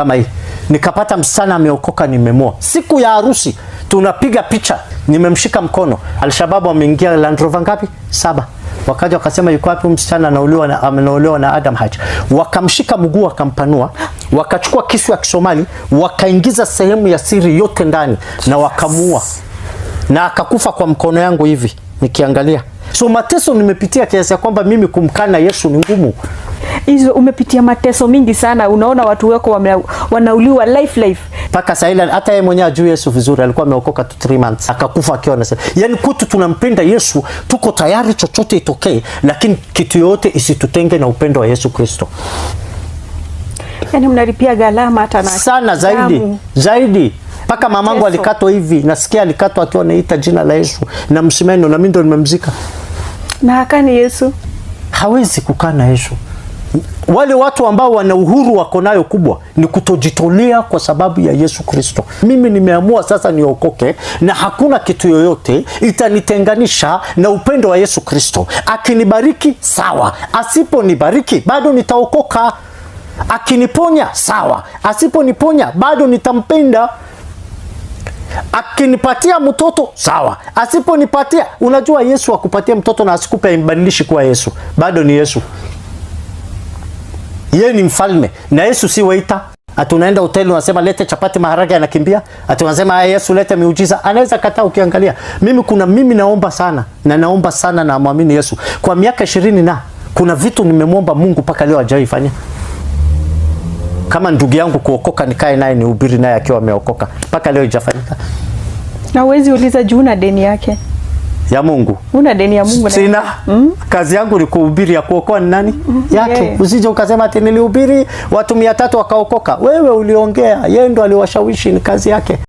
kama hii, nikapata msichana ameokoka, nimemoa. Siku ya harusi tunapiga picha, nimemshika mkono. Alshababu ameingia Land Rover ngapi? Saba. Wakaja wakasema yuko wapi msichana anaolewa, anaolewa na Adam Haji. Wakamshika mguu, wakampanua, wakachukua kisu ya Kisomali, wakaingiza sehemu ya siri yote ndani na wakamuua, na akakufa kwa mkono yangu hivi nikiangalia. So mateso nimepitia kiasi ya kwamba mimi kumkana Yesu ni ngumu hizo umepitia mateso mingi sana, unaona watu wako wanauliwa life life paka saila. Hata yeye mwenyewe ajui Yesu vizuri, alikuwa ameokoka tu 3 months akakufa akiwa anasema, yani kutu tunampenda Yesu, tuko tayari chochote itokee, lakini kitu yote isitutenge na upendo wa Yesu Kristo. Yani mnalipia gharama hata na sana zaidi damu. zaidi mpaka mamangu alikatwa hivi, nasikia alikatwa akiwa anaita jina la Yesu na msimeno, na mimi ndo nimemzika na hakani Yesu, hawezi kukaa na Yesu wale watu ambao wana uhuru wako nayo kubwa ni kutojitolea kwa sababu ya Yesu Kristo. Mimi nimeamua sasa niokoke, na hakuna kitu yoyote itanitenganisha na upendo wa Yesu Kristo. Akinibariki sawa, asiponibariki bado nitaokoka. Akiniponya sawa, asiponiponya bado nitampenda. Akinipatia mtoto sawa, asiponipatia. Unajua Yesu akupatia mtoto na asikupe, imbadilishi kuwa Yesu, bado ni Yesu. Yeye ni mfalme na Yesu si waita. unaenda hoteli unasema lete chapati maharage, anakimbia. Atunasema haya, Yesu lete miujiza, anaweza kataa. Ukiangalia mimi kuna mimi naomba sana na naomba sana na muamini Yesu kwa miaka ishirini na kuna vitu nimemwomba Mungu mpaka leo hajaifanya. Kama ndugu yangu kuokoka, nikae naye nihubiri naye akiwa ameokoka, mpaka leo haijafanyika. Na uwezi uliza juu na deni yake ya Mungu. Una deni ya Mungu sina. Mm? Kazi yangu ni kuhubiri ya kuokoa ni nani? Mm-hmm. Yake. Yeah. Usije ukasema ati nilihubiri watu 300 wakaokoka. Wewe uliongea, yeye ndo aliwashawishi, ni kazi yake.